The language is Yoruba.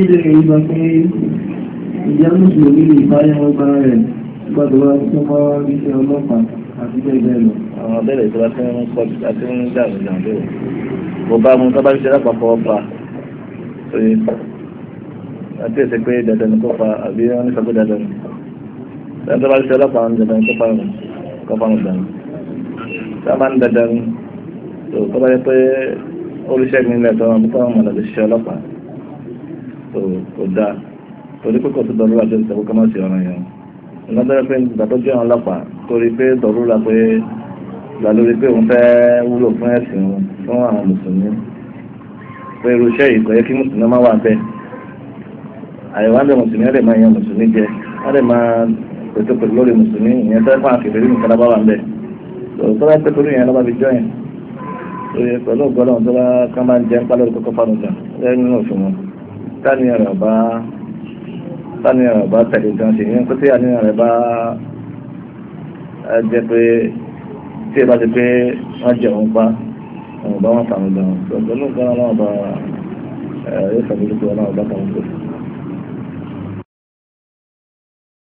ilé ìgbà pé ìyá mùsùlùmí lè bá yẹn ọgbà rẹ̀ gbọ́dọ̀ wá tó bá rí iṣẹ́ ọlọ́pàá àti bẹ́ẹ̀ bẹ́ẹ̀ lọ. àwọn abẹ́rẹ́ ìjọba tí wọ́n ń kọ́ àti wọ́n ń dà ní ìdàgbé rẹ̀ kò bá mu tọ́ba ṣiṣẹ́ lápapọ̀ ọ̀pá ṣòye àti èsì pé dandan ní kó pa àbí wọ́n ní sọ pé dandan ní. dandan tọ́ba ṣiṣẹ́ ọlọ́pàá ń dandan kó pa rẹ̀ kó pa rẹ̀ dànù. sábà ń dandan tọ́ba yẹ pé olùṣègùn ilẹ̀ tó wọn mú kò dáa torí pé kò sí dọ̀rúra tó ń sọ kókó má sí ọ̀ràn yẹn nǹkan tó yẹ pé ìgbà tó jẹ́ àwọn ọlọ́pàá torí pé dọ̀rúra pé ìgbà lórí pé òun fẹ́ wúlò fún ẹ̀sìn fún àwọn mùsùlùmí pé irú iṣẹ́ yìí kò yẹ kí mùsùlùmí má wà bẹ́ẹ̀ àyẹ̀wò àbẹ̀ mùsùlùmí ẹ̀rẹ̀ máa yan mùsùlùmí jẹ ẹ̀rẹ̀ máa pètè pètè lórí mùsùlùmí ìyẹn tẹ́ fún àkèbèrè nìkan lábá wà bẹ́ẹ̀ lọ́wọ́ tó bá pẹ́ torí tánìyàn rẹ̀ bá tánìyàn rẹ̀ bá tẹ̀lé gan ṣe ní pé tí àníyàn rẹ̀ bá jẹ́ pé tí ẹ bá ti pé wọ́n jẹ òun pa òun bá wọn fàmì gan ọ̀gbọ́n nǹkan náà bá ẹ̀ yóò fàmì lóko náà bá kàn ń pè.